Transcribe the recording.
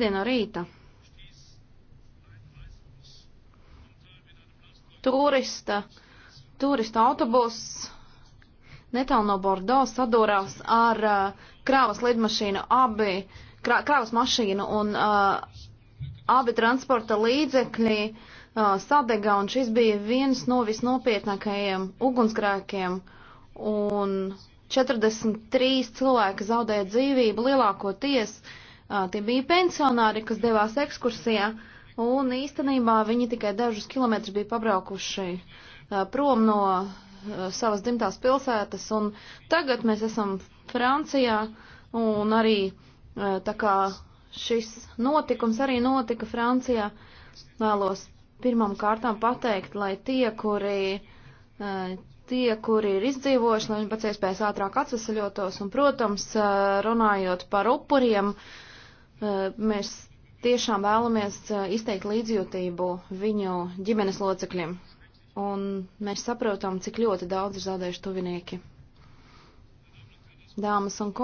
Dienu no rīta. Turista, turista autobuss netālu no Bordo sadūrās ar uh, krāvas lidmašīnu abi, krā, krāvas mašīnu un uh, abi transporta līdzekļi uh, sadega un šis bija viens no visnopietnākajiem ugunsgrēkiem un 43 cilvēki zaudēja dzīvību lielākoties. Uh, Tie bija pensionāri, kas devās ekskursijā, un īstenībā viņi tikai dažus kilometrus bija pabraukuši prom no savas dzimtās pilsētas, un tagad mēs esam Francijā, un arī tā kā šis notikums arī notika Francijā, vēlos pirmam kārtām pateikt, lai tie, kuri, tie, kuri ir izdzīvojuši, lai viņi pēc iespējas ātrāk atvesaļotos, un, protams, runājot par upuriem, uh, Eh, mēs tiešām vēlamies eh, izteikt līdzjūtību viņu ģimenes locekļiem. Un mēs saprotam, cik ļoti daudz ir zaudējuši tuvinieki. Dāmas un kungi.